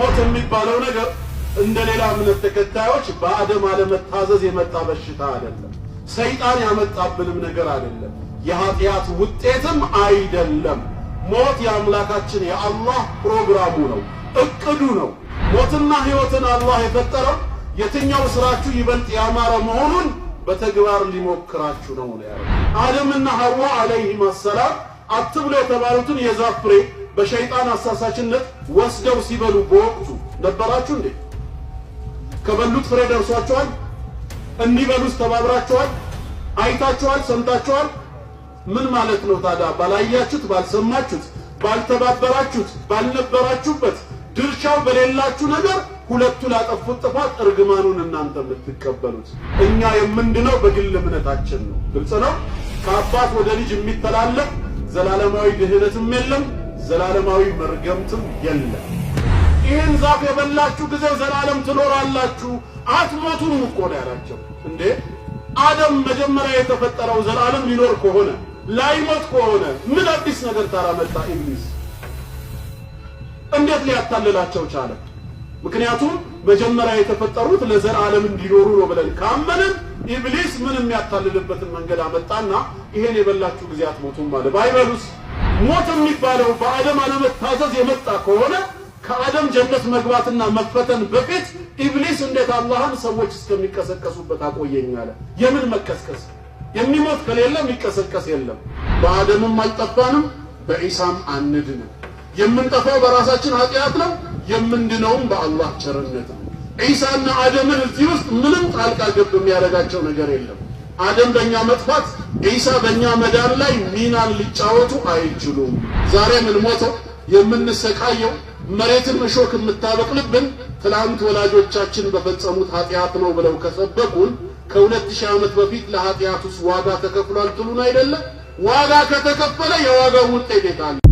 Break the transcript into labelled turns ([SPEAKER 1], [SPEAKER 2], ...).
[SPEAKER 1] ሞት የሚባለው ነገር እንደ ሌላ እምነት ተከታዮች በአደም አለመታዘዝ የመጣ በሽታ አይደለም። ሰይጣን ያመጣብንም ነገር አይደለም። የኃጢአት ውጤትም አይደለም። ሞት የአምላካችን የአላህ ፕሮግራሙ ነው፣ እቅዱ ነው። ሞትና ሕይወትን አላህ የፈጠረው የትኛው ስራችሁ ይበልጥ ያማረ መሆኑን በተግባር ሊሞክራችሁ ነው ነው ያለው። አደምና ሐዋ አለይህም አሰላም አትብሎ የተባሉትን የዛፍ ፍሬ በሸይጣን አሳሳችነት ወስደው ሲበሉ በወቅቱ ነበራችሁ እንዴ? ከበሉት ፍሬ ደርሷችኋል? እንዲበሉስ ተባብራችኋል? አይታችኋል? ሰምታችኋል? ምን ማለት ነው ታዲያ? ባላያችሁት፣ ባልሰማችሁት፣ ባልተባበራችሁት፣ ባልነበራችሁበት ድርሻው በሌላችሁ ነገር ሁለቱ ላጠፉት ጥፋት እርግማኑን እናንተ የምትቀበሉት። እኛ የምንድነው በግል እምነታችን ነው። ግልጽ ነው። ከአባት ወደ ልጅ የሚተላለፍ ዘላለማዊ ድህነትም የለም። ዘላለማዊ መርገምትም የለም። ይህን ዛፍ የበላችሁ ጊዜ ዘላለም ትኖራላችሁ አትሞቱም እኮ ነው ያላቸው። እንዴ አደም መጀመሪያ የተፈጠረው ዘላለም ሊኖር ከሆነ ላይሞት ከሆነ ምን አዲስ ነገር ታራመጣ? ኢብሊስ እንዴት ሊያታልላቸው ቻለ? ምክንያቱም መጀመሪያ የተፈጠሩት ለዘላለም እንዲኖሩ ነው ብለን ካመንን ኢብሊስ ምን የሚያታልልበትን መንገድ አመጣና ይሄን የበላችሁ ጊዜ አትሞቱም አለ። ባይበሉስ ሞት የሚባለው በአደም አለመታዘዝ የመጣ ከሆነ ከአደም ጀነት መግባትና መፈተን በፊት ኢብሊስ እንዴት አላህን ሰዎች እስከሚቀሰቀሱበት አቆየኝ አለ። የምን መቀስቀስ? የሚሞት ከሌለ የሚቀሰቀስ የለም። በአደምም አልጠፋንም፣ በኢሳም አንድንም። የምንጠፋው በራሳችን ኃጢአት ነው፣ የምንድነውም በአላህ ቸርነት ነው። ዒሳና አደምን እዚህ ውስጥ ምንም ጣልቃ ገብ የሚያደርጋቸው ነገር የለም። አደም በእኛ መጥፋት ዒሳ በእኛ መዳን ላይ ሚናን ሊጫወቱ አይችሉም። ዛሬ የምንሞተው የምንሰቃየው መሬትን እሾክ የምታበቅልብን ትላንት ወላጆቻችን በፈጸሙት ኃጢአት ነው ብለው ከሰበኩን ከሁለት ሺህ ዓመት በፊት ለኃጢአት ውስጥ ዋጋ ተከፍሏል ትሉን አይደለም? ዋጋ ከተከፈለ የዋጋው ውጤት የታለ?